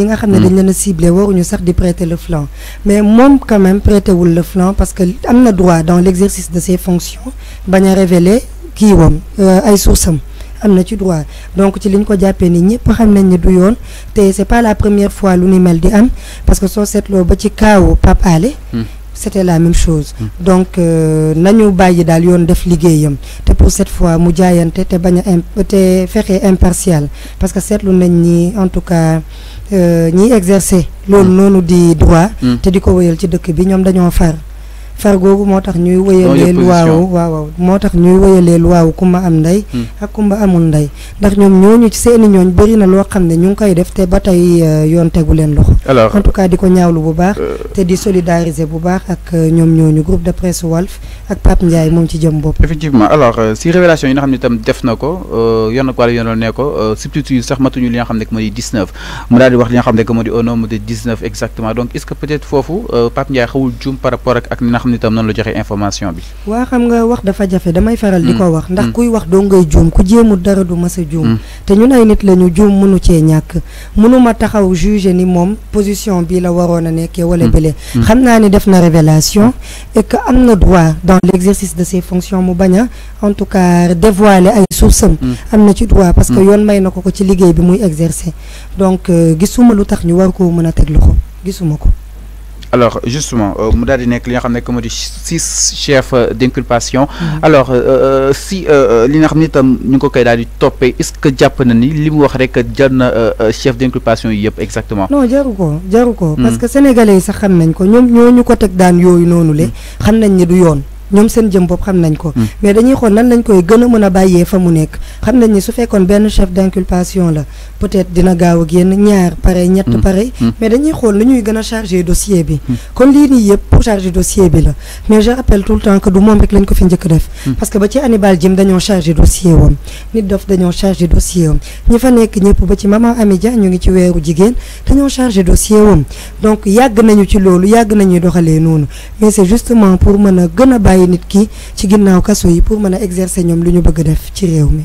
ñi nga mm. prêter le flanc mais quand même prêter le flanc parce que droit dans l'exercice de ses fonctions bañ a euh, ay droit donc ci liñ c'est pas la première fois lu mel di parce que soo seetloo ba ci c'était la même chose donc euh, nañu bàyyi dal yoon def liggéeyam te pour cette fois mu jaayante te baña a te impartial parce que setlu nañ ni en tout cas euh, ñi exercer loolu mm. nonu di droit mm. te diko wëyel ci dëkk bi ñom dañoo far far googu moo tax ñuy wëyalee luwaawu waaw waaw moo tax ñuy wëyalee luwaawu kumba am ndey hmm. ak kumba amul ndey ndax ñoom ñooñu ci seeni ñooñ bëri na loo xam ne ñu ngi koy def te ba tey euh, yoon tegu leen loxo alors en tout cas di ko ñaawlu bu baax euh, te di solidariser bu baax ak euh, ñoom ñooñu groupe de presse Walf ak Pape Ndiaye moom ci jëm bopp effectivement alors si révélation yi nga xam ne itam def na ko yoon ak wàllu yoon ne ko substitut yi sax matuñu li nga xam ne moo di 19 mu daal di wax li nga xam ne moo di au nom de 19 exactement donc est-ce que peut-être foofu Pape Ndiaye xawul juum par rapport ak ak xam ne information mm. position mm. Mm. révélation et que droit dans l'exercice de ses fonctions mu en tout cas dévoiler ay droit parce que yoon may ko ci exercer donc euh, gisuma ñu war alors justement il euh, y six chefs d'inculpation mhm. alors euh, euh, si li nous a dit est-ce que jàpp na ni chef d'inculpation exactement non Je ne hmm. parce que les sénégalais ils xam nañ ko ñoo sommes ñom seen jëm bop xam nañ ko hmm. mais dañuy xol nan lañ koy gëna mëna bayé fa mu nekk xam nañ ni su fekkon ben chef d'inculpation la peut-être dina gaaw a génn ñaar paré ñett hmm. paré hmm. mais dañuy xol nu ñuy gën chargé dossier bi kon li ni yëpp pour chargé dossier bi la mais je rappelle tout le temps que du mom rek lañ ko fi njëkk def parce que ba ci Hannibal jëm dañoo charger dossier woon nit dof dañoo charger dossier woon ñi fa nekk ñëpp ba ci maman Amidia ñu ngi ci weeru jigen dañoo chargé dossier woon donc yag nañu ci lolu yag nañuy doxale non. mais c'est justement pour mëna gëna bàyyi nit ki ci gannaaw kaso yi pour mën a exercer ñoom lu ñu bëgg def ci réew mi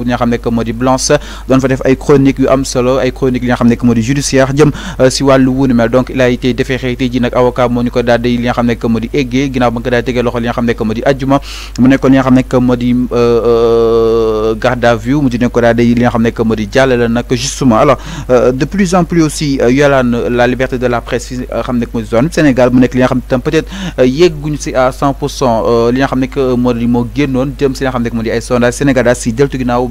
boobu li nga xam nekk moo Blanche doon fa def ay chronique yu am solo ay chronique li nga xam que modi judiciaire jëm ci walu wunu mel donc il a été déféré tay ji nak avocat moo ñu ko daal di li nga xam que modi di ginaaw ginnaaw ba nga ko tégué loxol tegee li nga xam que modi aljuma mu nekkoon li nga xam nekk moo euh garde à vue mu di nekk ko daal di li nga xam que modi di jàllale nag justement alors de plus en plus aussi yolaan la liberté de la presse fi nga xam nekk zone Sénégal mu nekk li nga xam tam peut-être yegguñu ci à cent li nga xam que modi mo moo jëm ci nga xam que modi ay sondage Sénégal da si deltu ginaaw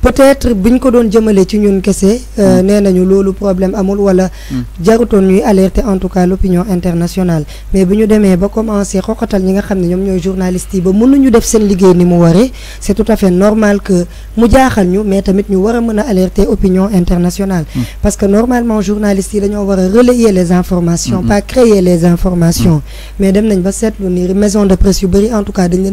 peut-être buñ ko doon jëmele ci ñun euh, hmm. nous problème amul wala hmm. alerter en tout cas l'opinion internationale mais ba ñi nga journalistes yi ba def c'est tout à fait normal que mu mais tamit ñu opinion internationale hmm. parce que normalement journalistes yi relayer les informations pas créer les informations mais dem nañ ba maison de presse en tout cas dañ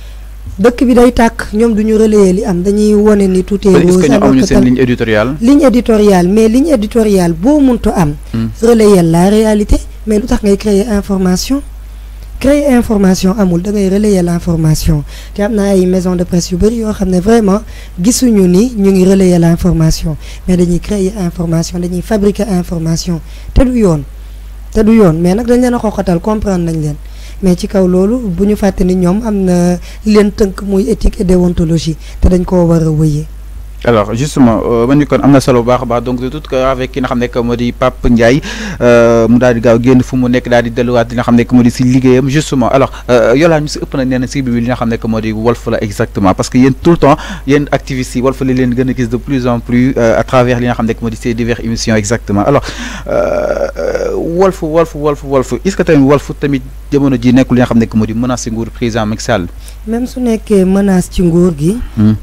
dëkk bi day tàkk ligne éditoriale. ligne mais ligne éditoriale am. Hmm. relayer la réalité mais lu ngay créer information. créer information amul da ngay relayer l'information am ay maison de presse yu vraiment gisuñu ni relayer l'information mais dañuy créer information dañuy fabriquer information te du mais comprendre mais ci kaw loolu bu ñu fàtte ni ñoom am na leen tënk muy éthique et déontologie te dañ koo war a wëyee. alors justement ma ni kon am solo bu baax donc de tout cas avec ki nga xam que modi di Pape Ndiaye euh, mu daal di gaaw génn fu mu nekk daal di delluwaat li si justement alors euh, yola ñu si ëpp na nee na bi li nga xam ne moo la exactement parce que yeen tout le temps yeen une wolf Wolf, leen gën a gis de plus en plus euh, à travers li nga xam ne ces divers émissions exactement alors Wolf, Wolf, Wolf, Wolf, est-ce que tamit wolf tamit jamono ji nekkul li nga xam ne moo menace ci nguur président Macky Sall même su nekkee menace ci nguur gi hmm.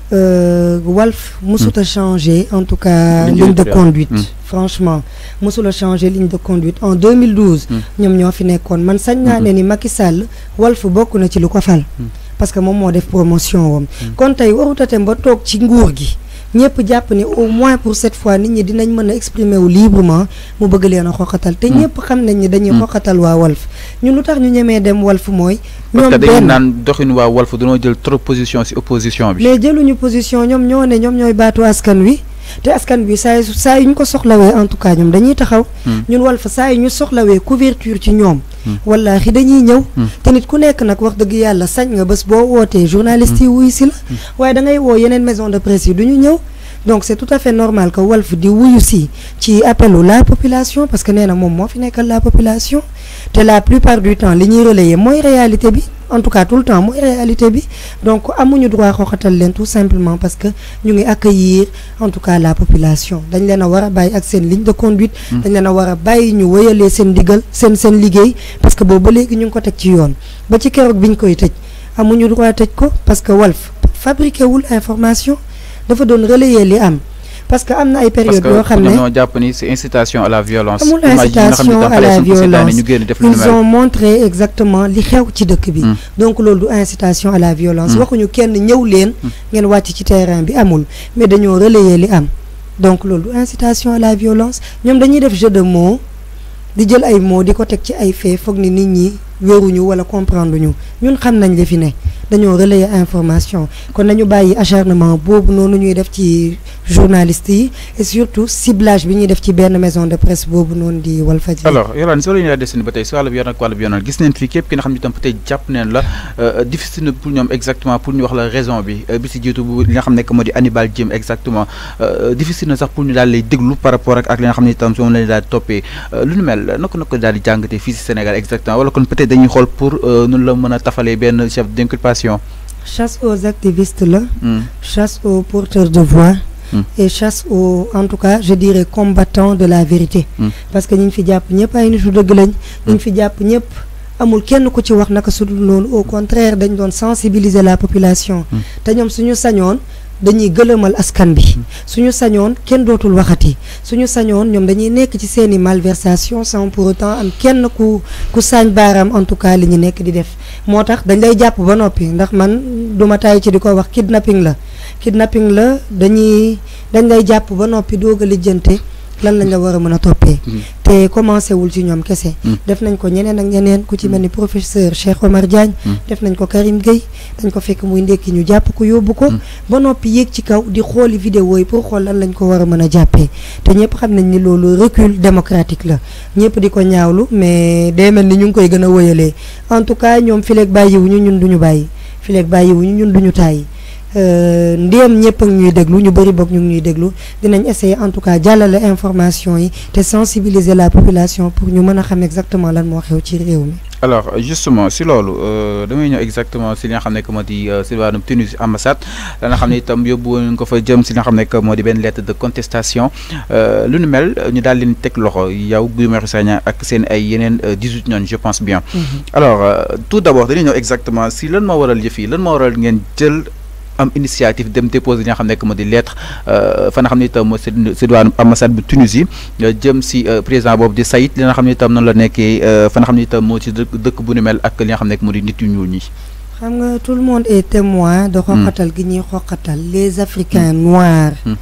wolf mësut hmm. a changé en tout cas ligne de conduite hmm. franchement mësul a changé ligne de conduite en 2012 nous hmm. ñoo fini nekkoon man sañ naa ni Macky Sall Walf bokk na ci parce que moi, moo def promotion Quand kon as eu a dem ba toog ci nguur gi ñëpp japp ni au moins pour cette fois nit nous dinañ mëna exprimer librement mu bëgg leen xoxatal té hmm. ñëpp xam nañ ni dañuy hmm. xoxatal wa wolf ñun lutax ñu ñëmé dem moy ñom ñoom parce que dañuy naan doxin waa Walf dañoo jël trop position ci opposition bi mais jëluñu position ñom ñoo né ñom ñoy baatu askan wi té askan bi saa yu ñu ko soxlawee en tout cas ñom dañuy taxaw. Hmm. ñun wal fa saa ñu soxlawee couverture ci ñom hmm. wallahi dañuy ñew hmm. te nit ku nekk nak wax dëgg yalla sañ nga bés bo woté journaliste yi wuyu si la. waaye da ngay wo yenen maison de presse duñu ñew donc c'est tout à fait normal que Wolf di wuyu si ci appelu la population parce que nee mom mo fi nekkal la population de la plupart du temps li ñuy relayer moy réalité bi en tout cas tout le temps mooy réalité bi donc amuñu droit xoxatal len tout simplement parce que ñu ngi accueillir en tout cas la population dañ leena wara war ak sen ligne de conduite hmm. dañ leena wara war ñu wéyalee sen digël sen sen liggéey parce que bo ba légui ñu ko tek ci yoon ba ci kérok biñ koy tëj amuñu droit tëj ko parce que wolf fabriqué wul information dafa doon relayer li am parce que Amna ay période yo xamné ne ñoo ni c'est incitation à la violence amul incitation à la violence ils ont montré exactement li xew ci deuk bi hmm. donc loolu du incitation à la violence hmm. waxuñu kenn ñew leen hmm. ngeen wacc ci terrain bi amul mais dañoo relayer li am donc loolu incitation à la violence ñom dañuy def jeu de mots di jël ay mots di ko teg ci ay faits foog ni nit ñi wéruñu wala comprendre ñu ñun xam nañ li fi ne dañoo relayer information kon nañu bàyyi acharnement boobu noonu ñuy def ci journalistes yi et surtout ciblage bi ñuy def ci benn maison de presse boobu noonu di Walfadjri. alors Yorane soo leen desandi ba tey si wàllu yoon ak wàllu yoonal gis neen fi képp ki nga xam ne tam peut-être jàpp neen la euh, difficile na pour ñoom exactement pour ñu wax la raison bi euh, bi si jiitu li nga xam ne moo di Hannibal Djim exactement euh, difficile na sax pour ñu daal lay déglu par rapport ak ak li nga xam ne tam moom la ñu daal toppee lu nu mel naka naka daal di jàngatee fii si Sénégal exactement wala kon peut-être dañuy xool pour euh, nous la en a tafalee chef d'inculpation chasse aux activistes là hmm. chasse aux porteurs de voix hmm. et chasse aux en tout cas je dirais combattants de la vérité hmm. parce que ñi ñu fi jàpp de ay nitu dëgg lañ ñi fi jàpp ñëpp amul kenn ku ci wax naka sudul loolu au contraire dañ doon sensibiliser la population te ñoom suñu sañoon dañuy gëlëmal askan bi hmm. suñu sañoon kenn dootul waxat yi suñu sañoon ñoom dañuy nekk ci seen i malversation sans pour autant am kenn ku ku sañ baaraam en tout cas li ñu nekk di def moo tax dañ lay jàpp ba noppi ndax man duma taay ci di ko wax kidnapping la kidnapping la dañuy dañ lay jàpp ba noppi doog a lijjante lan lañ la war a mën a toppee mm-hmm. te commencé wul ci ñoom kese mm-hmm. def nañ ko ñeneen ak ñeneen ku ci mel ni professeur Cheikh Omar Diagne mm-hmm. def nañ ko Karim Gueye dañ ko fekk muy ndekki ñu jàpp ko yóbbu ko ba noppi yéeg ci kaw di xooli vidéo yi pour xool lan lañ ko war a mën a jàppee te ñëpp xam nañ ni loolu recul démocratique la ñëpp di ko ñaawlu mais day mel ni ñu ngi koy gën a wëyalee en tout cas ñoom fileeg ñu ñun duñu bàyyi fileeg bàyyiwuñu ñun duñu tàyyi Euh, ndéem ñëpp ak ñuy déglu ñu bari bok ñu ngi ñuy déglu dinañ essayer en tout cas jàllale information yi té sensibiliser la population pour ñu mëna xam exactement lan moitié xew ci réew mi. alors justement si euh damay ñëw exactement si li nga xam ne que moo di euh, si wàllum Tunisie ambassade la nga xam ne itam yóbbu woon ko fa jëm si nga xam que lettre de contestation euh, lu ñu mel ñu dal leen tek loxo yow Guy Marius Sagna ak seen ay yenen 18 non je pense bien. Mhm. alors tout d'abord abord exactement si lan mo waral yëf yi lan moo waral ngeen jël am initiative dem déposer li nga xam nekk moo di lettre euh, fa nga xam tam itam si diwaanu ambassade Tunisie euh, jëm si euh, président bobu di Saïd li nga xam tam non la nekkee fa nga xam ne mo moo ci dëkk bu mel ak li nga xamné nekk nit yu ñi. xam nga tout le monde est témoin de hmm. xoqatal gi ñi xoqatal les africains hmm. noirs. Hmm.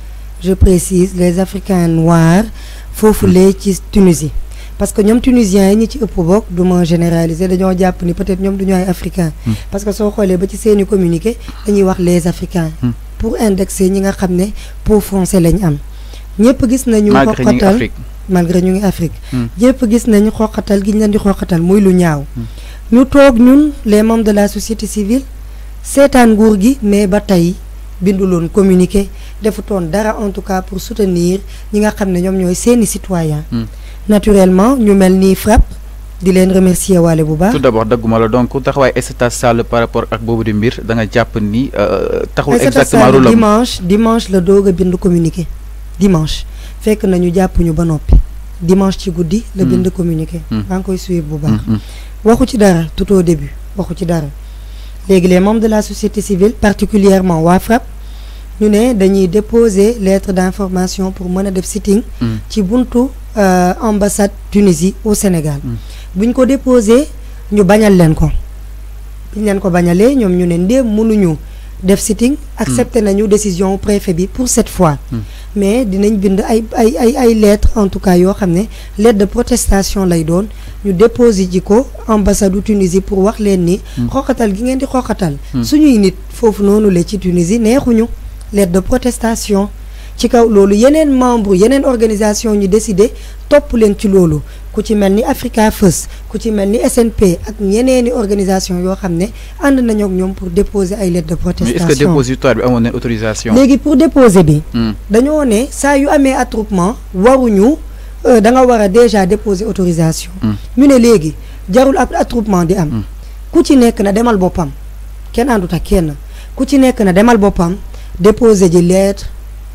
je précise les africains noirs fofu lé ci Tunisie parce que ñoom tunisiens yi ñi ci ëpp bok duma généraliser dañu japp ni peut-être ñom duñu ay africains. Hmm. parce que so xolé ba ci seeni communiqué dañuy wax les africains. Hmm. pour indexer ñi nga xamné ne français lañ am. ñepp gis nañu. xoqatal malgré ñu ngi Afrique. Hmm. ñepp gis nañu xoqatal giñ ñu di xoqatal moy lu ñaaw. ñu tok ñun les membres de la société civile sétane nguur gi mais ba tay binduloon communiqué defutoon dara en tout cas pour soutenir ñi nga xamné ñom ñoy ñooy seeni citoyens naturellement nous mel frappe frappe. di leen remercier Walé bu baax. tout d'abord abord dagguma la donc taxawaay Aïssata par rapport à Bobo di mbir da nga jàpp ni euh, taxul. exactement dimanche dimanche le doog a communiqué dimanche fait nañu jàpp ñu une noppi dimanche ci goudi, le hmm. de communiquer hmm. maa ngi koy suivre bu hmm, baax. waxu ci dara tout au début waxu ci dara les membres de la société civile particulièrement waa FRAPP ñu ne dañuy déposer lettre d'information pour mën a def sitting. ci buntu. Euh, ambassade Tunisie au Sénégal. Hmm. bu ko déposé ñu bañal leen ko. bi leen ko bañalee ñoom ñu ne mënuñu def sitting accepté hmm. nañu décision préfet bi pour cette fois. Hmm. mais dinañ bind ay ay ay ay lettre en tout cas yo xam lettre de protestation lay doon ñu déposé jiko ambassade Tunisie pour wax leen ni. xoxatal gi ngeen di xoxatal. suñuy nit fofu nonu la ci Tunisie neexuñu lettre de protestation ci kaw lolu yenen membre yenen organisation ñu décidé top leen ci lolu ku ci melni ni Africa First ku ci melni SNP ak ñeneeni organisation yo xam and nañu ak ñom pour déposer ay lettre de protestation mais est-ce que dépositoire bi amone autorisation. léegi pour déposer bi. Hmm. dañoo ça saa yu amé attroupement waruñu euh, da nga wara déjà déposer autorisation. Hmm. ñu ne léegi jarul attroupement di am. Hmm. ku ci nek na demal bopam kenn andu ta kenn ku ci nek na demal bopam déposer ji lettre.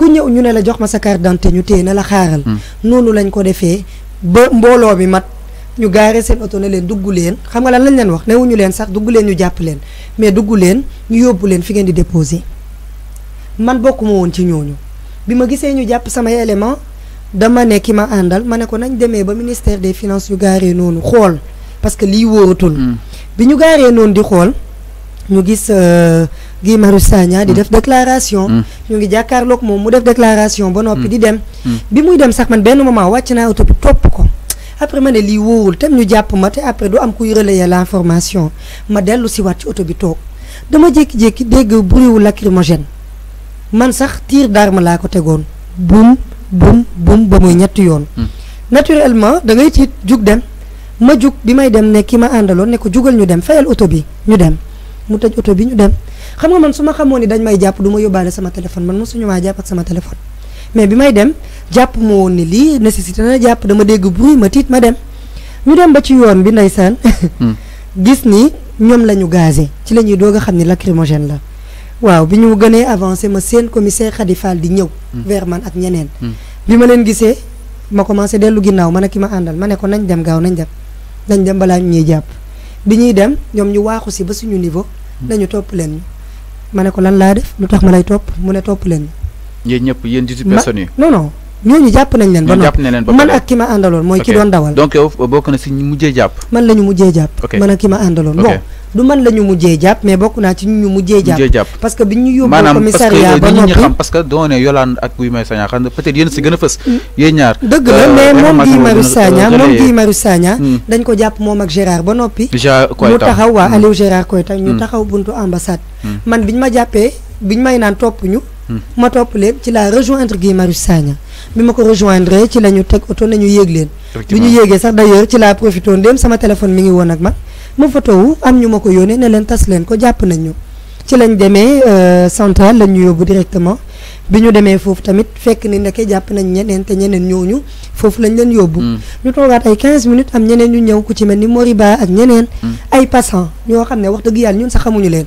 ku ñëw ñu ne la jox ma sa carte d'identité ñu téye na la xaaral. Hmm. noonu lañ ko defee ba mbooloo bi mat ñu gaare seen oto ne leen dugg leen xam nga lan lañ leen wax newuñu leen sax dugg leen ñu jàpp leen mais dugg leen ñu yóbbu leen fi ngeen di déposer man bokkuma woon ci ñooñu bi ma gisee ñu jàpp samay élément dama ne ki ma àndal ma ne ko nañ demee ba ministère des finances ñu gaaree noonu xool parce que lii wóoratul. Hmm. bi ñu gaaree noonu di xool. ñu gis euh, Guy Marius Sagna di mm. def déclaration. Mm. ñu ngi jàkkaarloog moom mu def déclaration ba noppi mm. di dem. bi muy dem sax man benn moment wàcc naa oto bi topp ko. après ma ne lii woowul tam ñu jàpp ma te après du am kuy relayer l'information ma dellu si waat ci oto bi toog dama jékki-jékki dégg bruit wu lacrymogène man sax tir d'arme laa ko tegoon bum bum bum ba muy ñetti yoon. naturellement da ngay tiit jug dem ma jug bi may dem ne ki ma àndaloon ne ko jugal ñu dem fayal oto bi ñu dem. mu tëj oto bi ñu dem xam nga man su ma xamoon ni dañ may jàpp duma yóbbaale sama téléphone man mosuñu maa jàpp ak sama téléphone mais bi may dem jàpp ma woon ni lii nécessité na jàpp dama dégg bruit ma tiit ma dem ñu dem ba ci yoon bi ndeysaan hmm. gis ni ñoom la ñu gazé ci la ñuy doog a xam ni lacrymogène la waaw bi ñu gënee avancé ma seen commissaire Khady Fall di ñëw hmm. vers man ak ñeneen hmm. bi ma leen gisee ma commencé dellu ginnaaw man ak ki ma àndal ma ne ko nañ dem gaaw nañ dem nañ dem balaa ñuy jàpp bi ñuy dem ñoom ñu waaxu si ba suñu niveau nañu topp leen ma ne ko lan laa def lu tax ma lay topp mu ne topp leen. yéen ñëpp yéen 18 personnes yi. non non. ñooñu jàpp nañ leen. ba noppi man ak ki ma àndaloon mooy ki doon dawal. donc yow bokk na si ñu mujjee jàpp. man la ñu mujjee jàpp. man ak ki ma àndaloon bon. du man la mujjee jàpp mais bokk naa ci ñu mujjee jàpp parce que bi ñu yóbboo commissariat ba noppi xam parce que doone yolaan ak Guy Marius Sagna xam ne si gën a fës mm. yéen ñaar dëgg la euh, mais moom Guy Marius Sagna moom Guy Marius Sagna dañ ko jàpp moom ak Gérard ba noppi mu taxaw waa mm. Aliou Gérard Koyta ñu mm. taxaw buntu ambassade man ñu ma jàppee biñ may naan topp ñu ma top lépp ci la rejoindre gui Marius Sagna bi ma ko rejoindre ci lañu tek auto oto nañu yéeg leen bi ñu sax d'ailleurs ci la profitoon dem sama téléphone mi ngi won ak ma ma photo wu am ñu mako yone ne leen tas leen ko japp nañu ci lañ demee euh, centrale lañ ñu yóbbu directement biñu démé fofu tamit fekk ni ndeke japp nañ ñeneen té ñeneen ñooñu fofu lañ leen yobbu hmm. ñu toogaat ay 15 minutes am ñeneen ñu ñew ku ci mel ni Moriba ak ñeneen hmm. ay passant ñoo xamné ne wax dëgg yàlla ñun sax xamuñu leen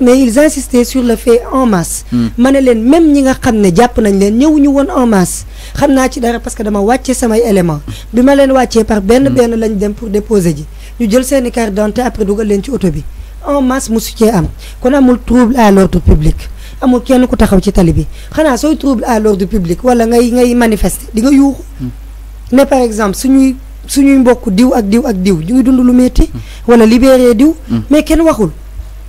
mais ils insistaient sur le fait en masse. Hmm. ma même ñi nga ne en masse xamna ci dara parce que dama waccé élément bima malen waccé par benn hmm. benn lañ dem pour déposer ji ñu jël carte après dougal len ci en masse am kon trouble à l'ordre public amul kenn ku taxaw ci trouble à l'ordre public wala ngay ngay manifester di hmm. par exemple suñuy suñuy mbokk diw ak diw ak diw ñu dund lu metti wala diw mais kenn waxul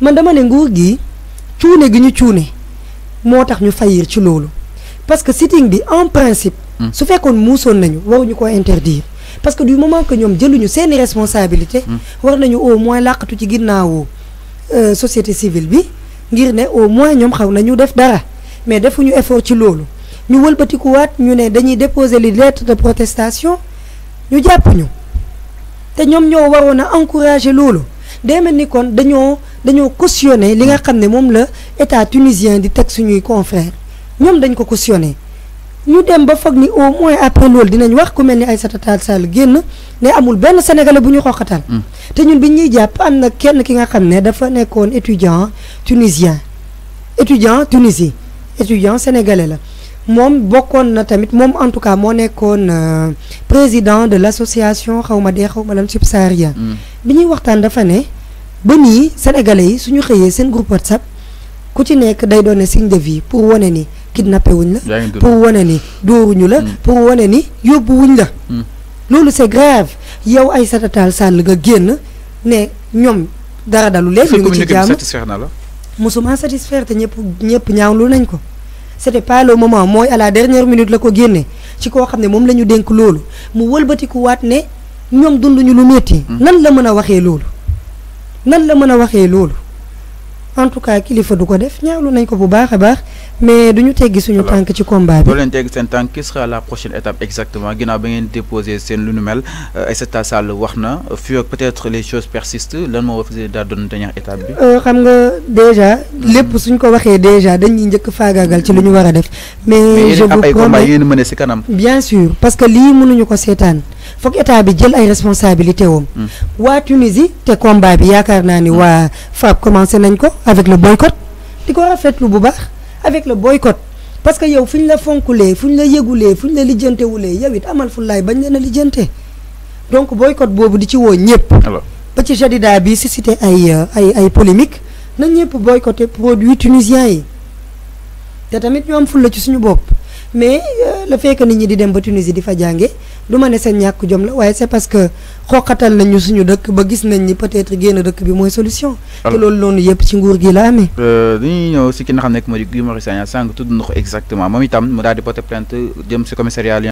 man dama ne nguur gi cuune gi ñu cuune moo tax ñu fayir ci loolu parce que sitting bi en principe. Hmm. su fekkoon muusoon nañu waruñu ko interdire. parce que du moment que ñoom jëluñu seeni responsabilité hmm. war nañu au moins làqatu ci ginnaawu euh, société civile bi ngir ne au moins ñoom xaw nañu def dara mais defuñu effort ci loolu ñu wëlbatikuwaat ñu ne dañuy déposer li lettre de protestation ñu jàpp ñu te ñoom ñoo waroon a encourager loolu day mel ni kon dañoo dañoo cautionné li nga hmm. xam ne moom la état tunisien di teg suñuy confrères ñoom dañ ko cautionné ñu dem ba foog ni au moins après lool dinañ wax ku mel ni Aïssata Tall Sall génn ne amul benn sénégalais bu ñu xoqatal hmm. te ñun bi ñuy jàpp am na kenn ki nga xam ne dafa nekkoon étudiant tunisien étudiant Tunisie étudiant sénégalais la moom bokkoon na tamit moom en tout cas moo nekkoon euh, président de l'association xaw ma dee xaw ma lan subsaharien mm. bi ñuy waxtaan dafa ne ba nii sénégalais yi suñu xëyee seen groupe whatsapp ku ci nekk day doon ne signe de vie pour wane ni kidnappé wuñ la pour wane ni dooruñu la mm. pour wane ni yóbbu wuñ la mm. loolu c'est grave yow ay satataal sàll nga génn ne ñoom dara dalu leen ñu ngi ci jàmm mosuma satisfaire te ñëpp ñëpp ñaawlu nañ ko c'était pas le moment mooy à la dernière minute la ko génne ci koo xam ne moom la ñu dénk loolu mu wëlbatiku waat ne ñoom ñu lu metti mm-hmm. nan la mën a waxee loolu nan la mën a waxee loolu en tout cas kilifa du ko def ñaawlu nañ ko bu baax a baax mais du ñu teggi suñu tànk ci combat bi. doo leen teggi seen tànk qui sera la prochaine étape exactement ginnaaw ba ngeen déposé seen lu nu mel euh, Aïssata Sall wax na fii peut-être les choses persistent lan moo wax daal doon dernière étape bi. Euh, xam nga déjà lépp suñ ko waxee déjà dañuy njëkk faagaagal ci lu ñu war def. mais je combat yéen a mën si kanam. bien sûr parce que lii mënuñu ko seetaan. Faut que bi jël ay responsabilité woom hmm. waa Tunisie t'es combat bi yaakaar naa ni waa FAB commencé nañ ko avec le boycott di ko rafetlu bu baax avec le boycott parce que yow fu ñu la fonkulee fu ñu la yëgulee fu ñu la lijjantewulee yow it amal fulaay bañ leen a donc boycott boobu di ci woo ñëpp ba ci jadida bi suscité ay ay ay polémique na ñëpp boycotté produits tunisiens. yi te tamit ñu am fulla ci suñu bopp mais euh, le fait que nit ñi di dem ba Tunisie di fa jànge du ma ne seen ñàkk jom la waaye c'est parce que xoqatal nañu suñu dëkk ba gis nañ ni peut-être génn dëkk bi mooy solution. te loolu loonu yëpp ci nguur gi la amee. Euh, dañuy ñëw si ki xam ne moo Guy Marius Sagna sànq tudd na ko exactement moom itam mu daal di porter plainte jëm si commissariat